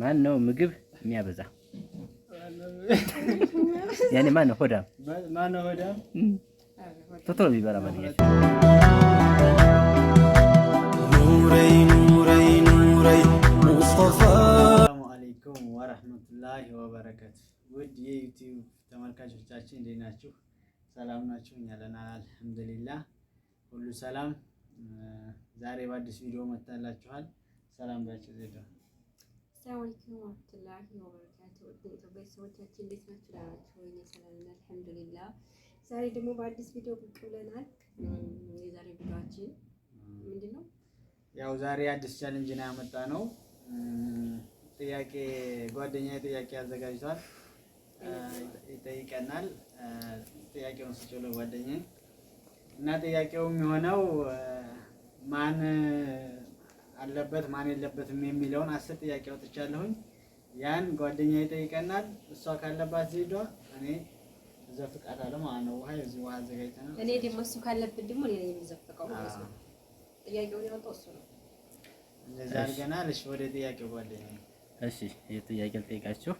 ማን ነው ምግብ የሚያበዛ? ያኔ ማን ነው ሆዳም? ማን ነው ሆዳም? ቶቶ የሚበላ ኑረይ ኑረይ ኑረይ ሙስጠፋ። ሰላሙ አለይኩም ወረህመቱላሂ ወበረከቱ። ውድ የዩቲዩብ ተመልካቾቻችን እንዴት ናችሁ? ሰላም ናችሁ? እኛ ደህና አልሐምዱሊላህ፣ ሁሉ ሰላም። ዛሬ በአዲስ ቪዲዮ መጥታላችኋል። ሰላም ዳችሁ ዜዳ አሰላሙ አለይኩም ወረህመቱላሂ ወበረካቱ። ኢትዮጵያ ቤተሰቦቻችን እንዴት ናችሁ? ደህና ናችሁ ወይ? ሰላም ነን አልሐምዱሊላህ። ዛሬ ደግሞ በአዲስ ቪዲዮ ብቅ ብለናል። የዛሬ ቪዲዮአችን ምንድን ነው? ያው ዛሬ አዲስ ቻሌንጅ ነው ያመጣ ነው። ጥያቄ ጓደኛዬ ጥያቄ አዘጋጅቷል ይጠይቀናል። ጥያቄውን ስጭው ለጓደኛዬ እና ጥያቄውም የሆነው ማን አለበት ማን የለበትም የሚለውን አስር ጥያቄ አውጥቻለሁኝ። ያን ጓደኛ ይጠይቀናል። እሷ ካለባት ዜዷ እኔ ዘፍቃት አለ ማለት ነው። ውሃ የዚህ ውሃ አዘጋጅተናል። እኔ ደግሞ እሱ ካለብን ደግሞ እኔ የሚዘፍቀው ማለት ነው። ጥያቄውን ያወጣው እሱ ነው። እንደዚያ አድርገናል። እሺ ወደ ጥያቄው ጓደኛ። እሺ የጥያቄ ልጠይቃችሁ።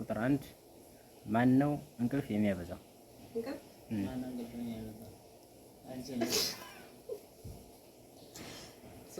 ቁጥር አንድ ማን ነው እንቅልፍ የሚያበዛው? እንቅልፍ ማን ነው እንቅልፍ የሚያበዛው? አንቺ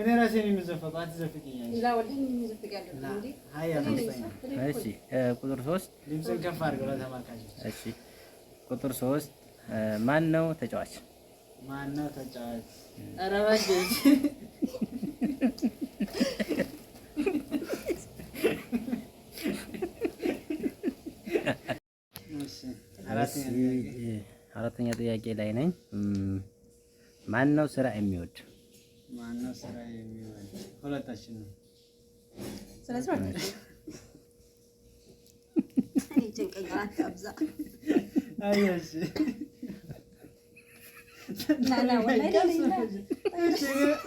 እኔ ራሴ ነው የምዘፈቀው። አትዘፍቅኛለሽ። እሺ፣ ቁጥር ሶስት ድምፅን ከፍ አድርገው ለተመልካቾች። እሺ፣ ቁጥር ሶስት ማን ነው ተጫዋች? ማን ነው ተጫዋች? ኧረ እባክሽ አራተኛ ጥያቄ ላይ ነኝ። ማን ነው ስራ የሚወድ ማነው ስራ የሚወድ ሁለታችን ነው። ስለዚህ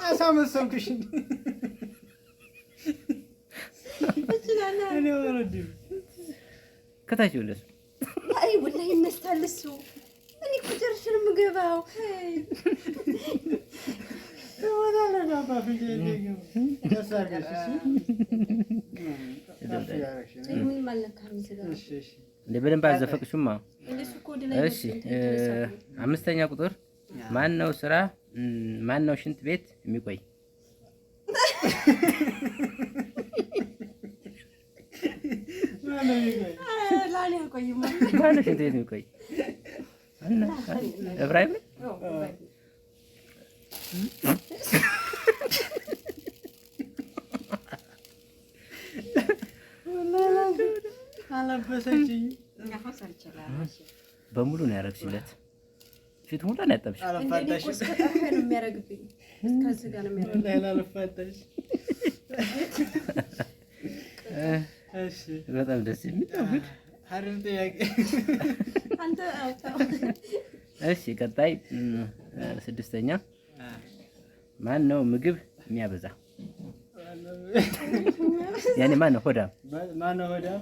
አሳመሰልኩሽ። ከታች ወላሂ ይመስላል እሱ እኔ ቁጭርሽን የምገባው በደንብ አዘፈቅሽማ። እሺ፣ አምስተኛ ቁጥር ማን ነው ስራ ማን ነው ሽንት ቤት የሚቆይ? ማን ነው? ሽንት ቤት የሚቆይ? እብራሂም አለበሰችኝ። በሙሉ ነው ያደረግሽለት። ፊት ሙሉ ነው ያጠብሽ። በጣም ደስ የሚል ነው። እሺ ቀጣይ ስድስተኛ ማን ነው ምግብ የሚያበዛ? ያኔ ማን ነው ሆዳም? ማን ነው ሆዳም?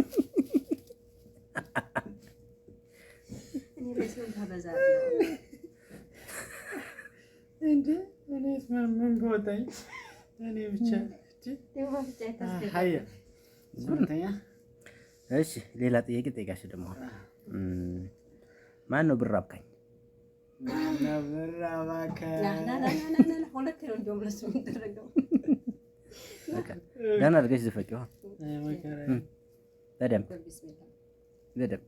እንደ እኔስ ምን በወጣኝ እኔ ብቻ እሺ ሌላ ጥያቄ ጠይቃሽ ደግሞ ማን ነው ብር አብካኝ ደህና አድርገሽ ዝፈቂው በደንብ በደንብ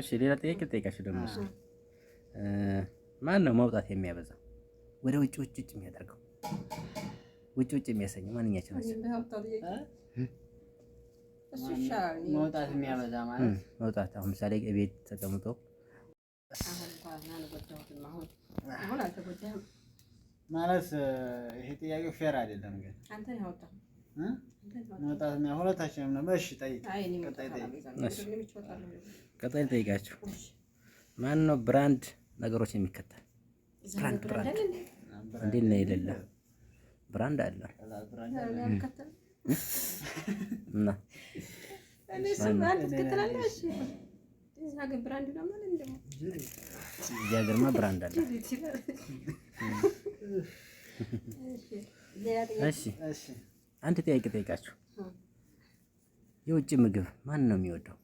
እሺ፣ ሌላ ጥያቄ ልጠይቃችሁ ደግሞ እሱ ማን ነው መውጣት የሚያበዛው ወደ ውጭ ውጭ ውጭ የሚያደርገው ውጭ ውጭ የሚያሰኘው ማንኛቸው ናቸው? መውጣት የሚያበዛ ማለት መውጣት አሁን ምሳሌ ቤት ተቀምጦ ማለት ይሄ ጥያቄው ፌር አይደለም ግን መውጣትና ሁለታችንም እሺ ጠይቅ፣ ቀጣይ ጠይቃችሁ። ማን ነው ብራንድ ነገሮች የሚከተል ብራንድ ብራንድ እንዴት ነው የሌለ ብራንድ አለ እና እያገርማ ብራንድ አለ። እሺ አንድ ጥያቄ ጠይቃችሁ፣ የውጭ ምግብ ማን ነው የሚወደው?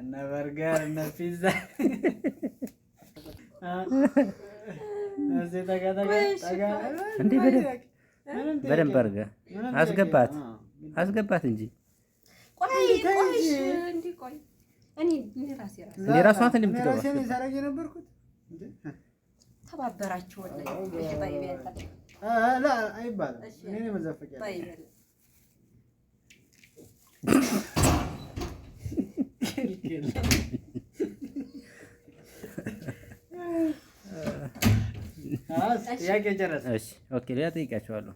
እነ በርገር፣ እነ ፒዛ እንዴ! በደንብ አድርገህ አስገባት አስገባት እንጂ እኔ ራሱ ናት እንደምትገባ ተባበራችሁ አይባልም። ጥያቄ ጨረሰ። ኦኬ፣ ሌላ ጠይቃቸዋለሁ።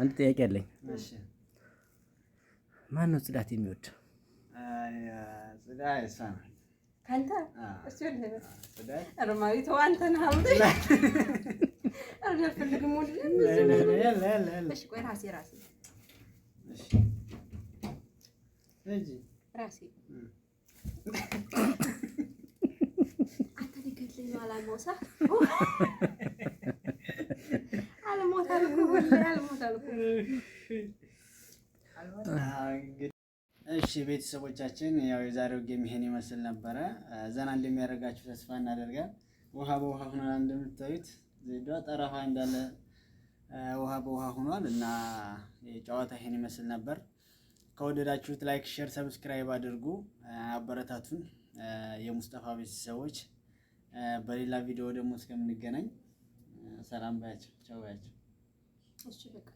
አንድ ጥያቄ አለኝ። ማን ነው ጽዳት የሚወድ? ከአንተ እሱ የለህም። ኧረ ማሪቱ አልፈልግም። ቆይ ራሴ ራሴ ራሴ እሺ ቤተሰቦቻችን ያው የዛሬው ጌም ይሄን ይመስል ነበረ። ዘና እንደሚያደርጋችሁ ተስፋ እናደርጋል። ውሃ በውሃ ሁነን እንደምታዩት ዜዷ ጠረፋ እንዳለ ውሃ በውሃ ሆኗል እና ጨዋታ ይሄን ይመስል ነበር። ከወደዳችሁት ላይክ፣ ሼር፣ ሰብስክራይብ አድርጉ፣ አበረታቱን የሙስጠፋ ቤተሰቦች። በሌላ ቪዲዮ ደግሞ እስከምንገናኝ ሰላም ባያቸው፣ ቻው ባያቸው።